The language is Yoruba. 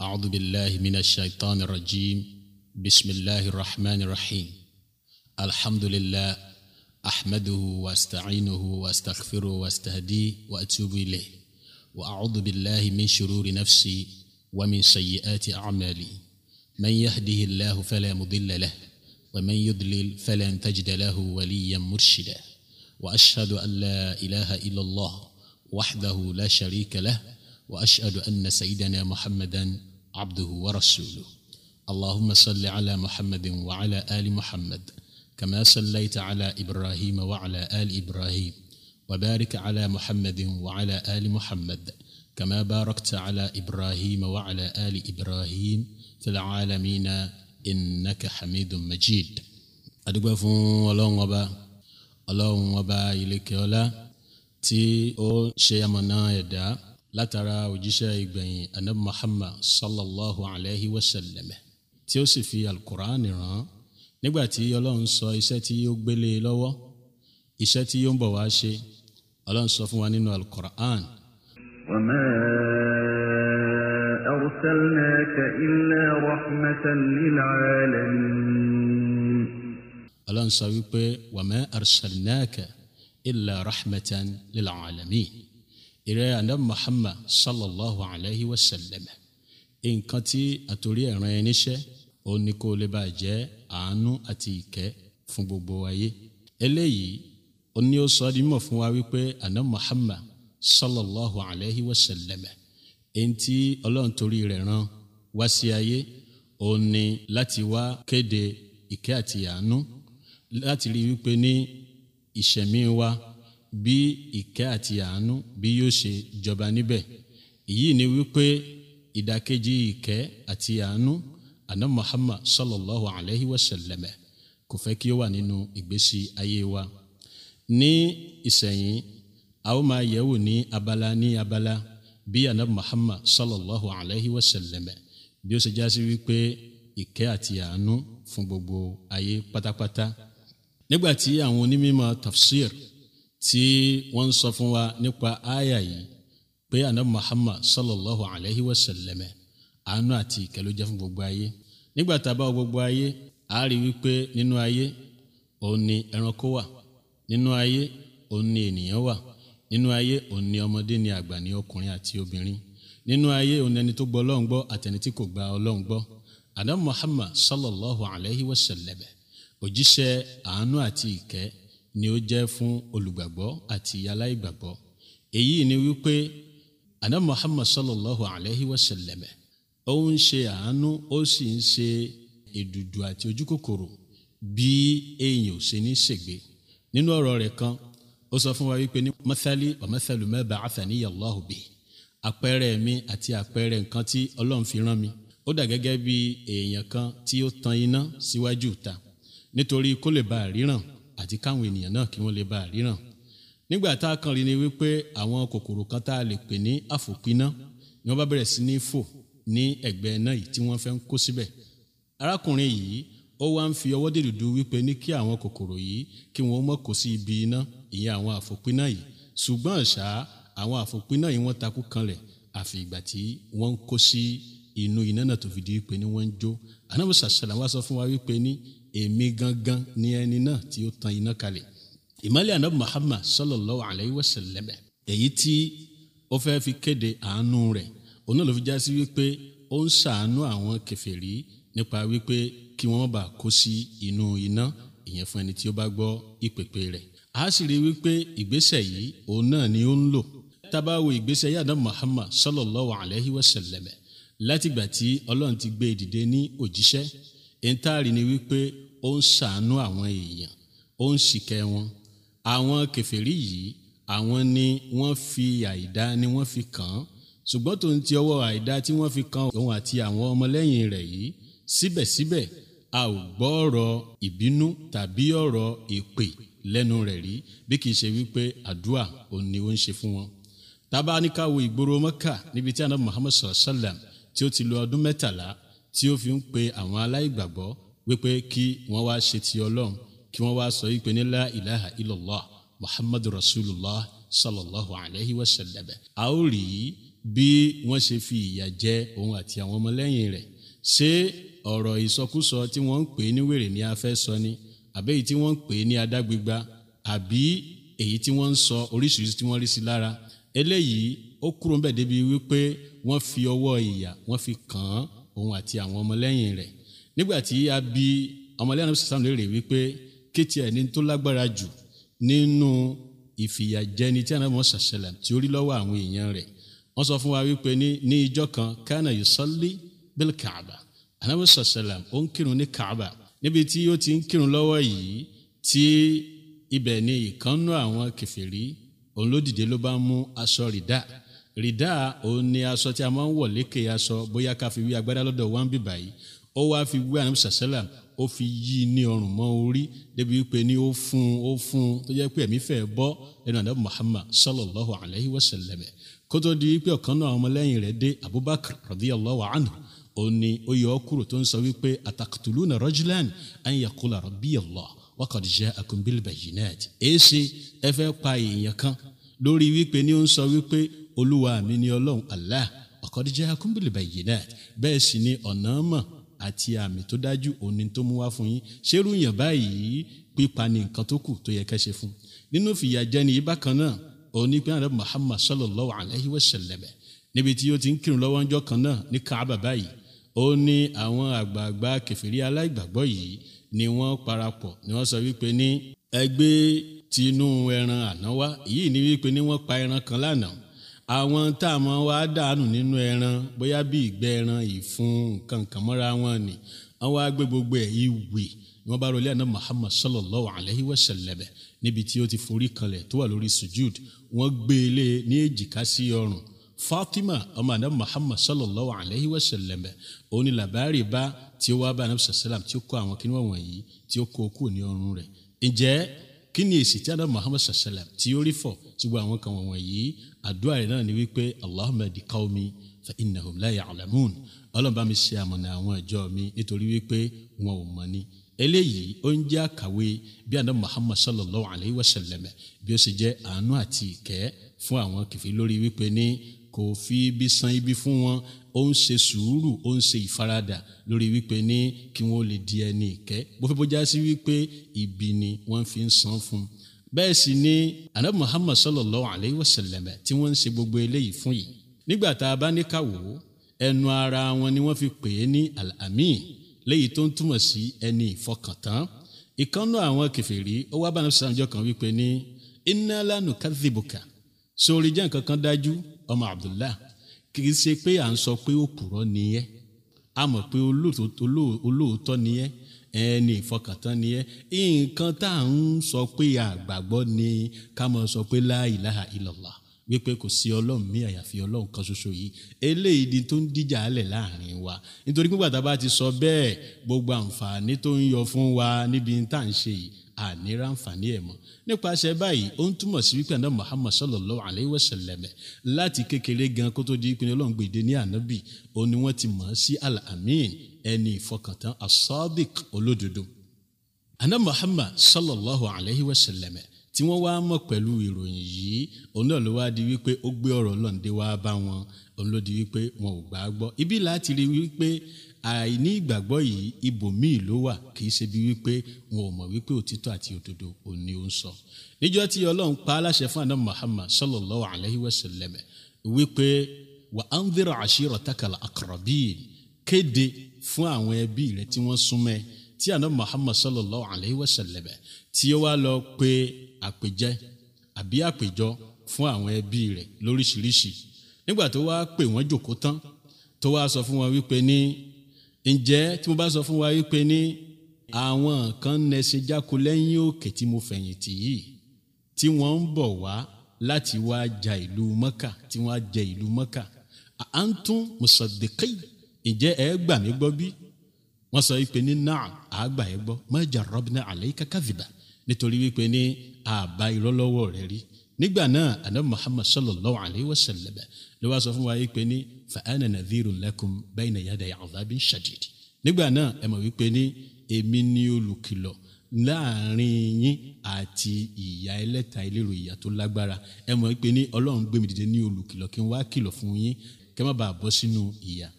أعوذ بالله من الشيطان الرجيم بسم الله الرحمن الرحيم الحمد لله أحمده وأستعينه وأستغفره وأستهديه وأتوب إليه وأعوذ بالله من شرور نفسي ومن سيئات أعمالي من يهده الله فلا مضل له ومن يضلل فلن تجد له وليا مرشدا وأشهد أن لا إله إلا الله وحده لا شريك له وأشهد أن سيدنا محمدا عبده ورسوله اللهم صل على محمد وعلى ال محمد كما صليت على ابراهيم وعلى ال ابراهيم وبارك على محمد وعلى ال محمد كما باركت على ابراهيم وعلى ال ابراهيم في العالمين انك حميد مجيد adúgbò ولون وبا ولون وبا إليك ولا تي أو شيء منا يدا látara òjíṣẹ́ ìgbẹ̀yìn anabi muhammad sallallahu alayhi wa sallam tí ó sì fi alukur'an rán nígbà tí ọlọ́run sọ iṣẹ́ tí ó gbélé e lọ́wọ́ iṣẹ́ tí ó ń bọ̀ wá ṣe ọlọ́run sọ fún wa nínú alukur'an. وما أرسلناك إلا رحمة للعالمين ọlọ́run sọ wípé وما أرسلناك إلا رحمة للعالمين ìrẹ́ anabi muhammad sallallahu alayhi wa sallam nǹkan tí àtòrí ẹ̀ràn ẹni ṣẹ́ ó ní kó lè bá jẹ́ àánú àti ìkẹ́ fún gbogbo ayé eléyìí ó ní ó sọ di mímọ̀ fún wa wípé anabi muhammad sallallahu alayhi wa sallam èyí tí ọlọ́run torí rẹ̀ rán wá sí ayé ó ní láti wá kéde ìkẹ́ àti àánú láti rí wípé ní ìṣẹ̀mí wa bí ìkẹ́ àti àánú bí yóò ṣe jọba níbẹ̀ èyí ni wípé ìdàkejì ìkẹ́ àti àánú àná muhammad sallallahu alayhi wa sallam kò fẹ́ kí ó wà nínú ìgbésí ayé wa ní ìsẹ̀yìn a ó máa yẹ̀wò ní abala ní abala bí àná muhammad sallallahu alayhi wa sallam bí ó ṣe já sí wípé ìkẹ́ àti àánú fún gbogbo ayé pátápátá nígbà tí àwọn onímọ̀ tafsir tí wọ́n ń sọ fún wa nípa àyà yìí pé anabi muhammad sallallahu alayhi wa sallam àánú àti ìkẹ́ ló jẹ́ fún gbogbo ayé nígbà tá a bá gbogbo ayé a rí wípé nínú ayé òun ni ẹranko wà nínú ayé òun ni ènìyàn wà nínú ayé òun ni ọmọdé ni àgbà ni ọkùnrin àti obìnrin nínú ayé òun ni ẹni tó gbọ́ ọlọ́run gbọ́ àtẹni tí kò gba ọlọ́run gbọ́ anabi muhammad sallallahu alayhi wa sallam òjíṣẹ́ àánú àti ìkẹ́ ni ó jẹ́ fún olùgbàgbọ́ àti aláìgbàgbọ́ èyí ni wípé àná muhammad sallallahu alayhi wa sallam ó ń ṣe àánú ó sì ń ṣe èdùdù àti ojúkòkòrò bí èèyàn ò ṣe ní ṣègbè nínú ọ̀rọ̀ rẹ̀ kan ó sọ fún wa wípé ní mathali wa mathalu ma ba'athaniya Allahu bihi àpẹẹrẹ mi àti àpẹẹrẹ nǹkan tí ọlọ́run fi rán mi ó dà gẹ́gẹ́ bí èèyàn kan tí ó tan iná síwájú ìta nítorí kó lè bá ríran àti káwọn ènìyàn náà kí wọ́n lè bá a ríran nígbà tá a kàn rí ni wípé àwọn kòkòrò kan tá a lè pè ní àfòpiná ni wọ́n bá bẹ̀rẹ̀ sí ní fò ní ẹ̀gbẹ́ náà yìí tí wọ́n fẹ́ ń kó síbẹ̀ arákùnrin yìí ó wá ń fi ọwọ́ dìdùdú wípé ní kí àwọn kòkòrò yìí kí wọ́n mọ̀ kó sí ibi iná ìyẹn àwọn àfòpiná yìí ṣùgbọ́n ṣá àwọn àfòpiná yìí wọ́n takú kanlẹ̀ àfi ìgbà tí wọ́n kó sí inú iná náà tó fi di wípé ní wọ́n ń jó anábùsàṣàlà èmi gangan ni ẹni náà tí ó tan iná kalẹ̀ ìmọ̀lẹ̀ anabi muhammad sallallahu alayhi wa sallam èyí tí ó fẹ́ fi kéde àánú rẹ̀ òun náà ló fi já sí wípé ó ń ṣàánú àwọn kèfèrí nípa wípé kí wọ́n bá kó sí inú iná ìyẹn fún ẹni tí ó bá gbọ́ ìpèpè rẹ̀ a sì rí wípé ìgbésẹ̀ yìí òun náà ni ó ń lò tábàwò ìgbésẹ̀ yàdá muhammad sallallahu alayhi wa sallam látìgbà tí ọlọ́run ti gbé e ní òjíṣẹ́ ìntàrí ni wípé ó ń ṣàánú àwọn èèyàn ó ń ṣìkẹ́ wọn àwọn kèfèrí yìí àwọn ni wọ́n fi àìdá ni wọ́n fi kàn án ṣùgbọ́n tó ń ti ọwọ́ àìdá tí wọ́n fi kàn òun àti àwọn ọmọlẹ́yìn rẹ̀ yìí síbẹ̀síbẹ̀ a ò gbọ́ ọ̀rọ̀ ìbínú tàbí ọ̀rọ̀ èpè lẹ́nu rẹ̀ rí bí kìí ṣe wípé àdúà òun ni ó ń ṣe fún wọn. tábà ní ká ìgboro mọ́kà níbi tí anabi muhammad sallam tí ó ti lo ọdún mẹ́tàlá tí ó fi ń pe àwọn aláìgbàgbọ́ wípé kí wọ́n wá ṣe ti ọlọ́run kí wọ́n wá sọ wípé ní la ilaha illallah muhammadu rasulullah sallallahu alayhi wa sallam a ó rí bí wọ́n ṣe fi ìyà jẹ òun àti àwọn ọmọlẹ́yìn rẹ̀ ṣé ọ̀rọ̀ ìsọkúsọ tí wọ́n ń pè ní wèrè ni a fẹ́ sọ ni àbí èyí tí wọ́n ń pè ní adágbégbá àbí èyí tí wọ́n ń sọ oríṣiríṣi tí wọ́n rí sí lára eléyìí ó kúrò ń bẹ̀ débi wípé wọ́n fi ọwọ́ ìyà wọ́n fi kàn án òun àti àwọn ọmọlẹ́yìn rẹ̀ nígbà tí a bi ọmọlẹ́yìn sàmù léèrè wípé kéètì ẹ̀ ní tó lágbára jù nínú ìfìyàjẹni tí anabi musa sallam tí ó rí lọ́wọ́ àwọn èèyàn rẹ̀ wọ́n sọ fún wa wípé ní ní ìjọ kan kánà yusalli bil kaaba anabi musa sallam ó ń kírun ní kaaba níbi tí ó ti ń kírun lọ́wọ́ yìí tí ibẹ̀ ni ìkànnú àwọn kẹfìrí òun ló dìde ló bá mú aṣọ rìdá rìdá òun ni aṣọ tí a máa ń wọ̀ lékè aṣọ bóyá ká fi wí agbádá lọ́dọ̀ wá ń bì báyìí ó wáá fi wí ànábì sàṣẹ́là ó fi yí i ní ọrùn mọ́ orí débi wípé ní ó fún un ó fún un tó jẹ́ pé ẹ̀mí fẹ́ bọ́ ẹnu ànábì Muhammad sallallahu alayhi wa sallam kó tó di wípé ọ̀kan náà ọmọlẹ́yìn rẹ̀ dé Abubakar radiyallahu anhu òun ni ó yọ ọ́ kúrò tó ń sọ wípé ataqtuluna rajulan an yaqula rabbi Allah wa qad ja'akum bil bayyinat èsì ẹ fẹ́ pa èèyàn kan lórí wípé ní ó ń sọ wípé olúwa mi ni ọlọ́run allah ọ̀kọ́díjà akúnbìlì bẹ̀yìn náà bẹ́ẹ̀ sì ni ọ̀nà mọ̀ àti àmì tó dájú òní tó mú wá fún yín ṣerú yàn báyìí pípa ni nǹkan tó kù tó yẹ kẹ́ ṣe fún nínú fìyàjẹni yìí bákan náà òní pé àrẹ muhammad sallallahu alayhi wa sallam níbi tí ó ti ń kírun lọ́wọ́ ọjọ́ kan náà ní kaaba báyìí ó ní àwọn àgbààgbà kẹfìrí aláìgbàgbọ́ yìí ni wọ́n parapọ̀ ni wọ́n sọ wípé ní ẹgbẹ́ tinú ẹran àná wá èyí ni wípé ní wọ́n pa ẹran kan lánàá àwọn tá a mọ̀ wá dànù nínú ẹran bóyá bí ìgbẹ́ ẹran ìfun nǹkan kan mọ́ra wọn ni wọ́n wá gbé gbogbo ẹ̀ ìwé ni wọ́n bá rọlé àná Muhammad sallallahu alayhi wa sallam níbi tí ó ti forí kanlẹ̀ tó wà lórí sujud wọ́n gbé e lé ní èjìká sí ọrùn Fatima ọmọ àná Muhammad sallallahu alayhi wa sallam òun ni làbárì bá tí ó wá bá anabi sallam tí ó kó àwọn kíni wọ̀nyí tí ó kó kúrò ní ọrùn rẹ̀ ǹjẹ́ kí ni èsì tí adamu muhammad sallam tí ó rí fọ tí gbogbo àwọn kan wọ̀nyí àdúrà rẹ̀ náà ni wípé allahumma di qawmi fa innahum la ya'lamun ọlọ́run bá mi ṣe àmọ̀nà àwọn ìjọ mi nítorí wípé wọn ò mọ̀ ni eléyìí ó ń jẹ́ àkàwé bí adamu muhammad sallallahu alayhi wa sallam bí ó sì jẹ́ àánú àti ìkẹ́ fún àwọn kìfì lórí wípé ní kò fi ibi san ibi fún wọn ó ń ṣe sùúrù ó ń ṣe ìfaradà lórí wípé ní kí wọn lè di ẹni ìkẹ́ bó fẹ́ bójá sí wípé ibi ni wọ́n fi ń san fún un bẹ́ẹ̀ sì ni anabi muhammad sallallahu alayhi wa sallam tí wọ́n ń ṣe gbogbo eléyìí fún yìí nígbà tá a bá ní ká wò ó ẹnu ara wọn ni wọ́n fi pè é ní al-amin léyìí tó ń túmọ̀ sí ẹni ìfọkàntán ìkànnú àwọn kèfèrí ó wá bá anabi sàmjọ kan wípé ní inna la sórí jẹ́ nǹkan kan dájú ọmọ Abdullah kì í ṣe pé à ń sọ pé ó purọ́ nìyẹn a mọ̀ pé olóòótọ́ nìyẹn ẹni ìfọkàntán nìyẹn nǹkan tá à ń sọ pé àgbàgbọ́ ni ká mọ̀ sọ pé la ilaha illallah wípé kò sí ọlọ́run mí àyàfi ọlọ́run kan ṣoṣo yìí eléyìí di tó ń díjà alẹ̀ láàrin wa nítorí pé gbàtà bá ti sọ bẹ́ẹ̀ gbogbo àǹfààní tó ń yọ fún wa níbi tá à ń ṣe yìí ànírà àǹfààní ẹ̀ mọ́ nípasẹ̀ báyìí ó ń túmọ̀ sí wípé ànábì muhammad sallallahu alayhi wa sallam láti kékeré gan kó tó di ìpínlẹ̀ ọlọ́run ní ànábì ó ní wọ́n ti mọ̀ ọ́ sí al-amin ẹni ìfọkàntán asadiq sadiq olódodo ànábì muhammad sallallahu alayhi wa sallam tí wọ́n wá mọ̀ pẹ̀lú ìròyìn yìí òun náà ló wá di wípé ó gbé ọ̀rọ̀ ọlọ́run wá bá wọn òun ló di wípé wọn ò gbà á gbọ́ ibi láti rí wípé àìní ìgbàgbọ́ yìí ibòmíì ló wà kì í ṣe bí wípé wọn ò mọ̀ wípé òtítọ́ àti òdodo ò ó ń sọ. níjọ́ tí ọlọ́run pa aláṣẹ fún àná Muhammad sallallahu alayhi wa sallam wípé wa anzir ashiratakal aqrabin kéde fún àwọn ẹbí rẹ tí wọ́n súnmọ́ ẹ tí àná Muhammad sallallahu alayhi wa sallam tí ó wá lọ pé àpèjẹ àbí àpèjọ fún àwọn ẹbí rẹ lóríṣiríṣi nígbà tó wá pè wọ́n jòkó tán tó wá sọ fún wọn wípé ní ǹjẹ́ tí mo bá sọ fún wa wípé ní àwọn kan nẹsẹ̀ jáko lẹ́yìn òkè tí mo fẹ̀yìntì yìí tí wọ́n ń bọ̀ wá láti wá ja ìlú mọ́kà tí wọ́n á jẹ ìlú mọ́kà à ń tún mùsọ̀dẹ̀kì ǹjẹ́ ẹ gbà mí gbọ́ bí wọ́n sọ wípé ní náà àgbà ẹ gbọ́ má rọ́bìnà àlẹ́ kàkàvìdà nítorí wípé ní àbá irọ́ rẹ rí nígbà náà anabi muhammad sallallahu alayhi wa sallam ló wá sọ fún wa yìí pé ní fa ana nadhirun lakum bayna yaday adhabin shadid nígbà náà ẹ mọ̀ wípé ní èmi ni olùkìlọ̀ láàrin yín àti ìyà ẹlẹ́ta ìlérò ìyà tó lágbára ẹ mọ̀ wípé ní ọlọ́run gbé mi olùkìlọ̀ kí n wá kìlọ̀ fún yín kẹ́ má bàa bọ́ sínú ìyà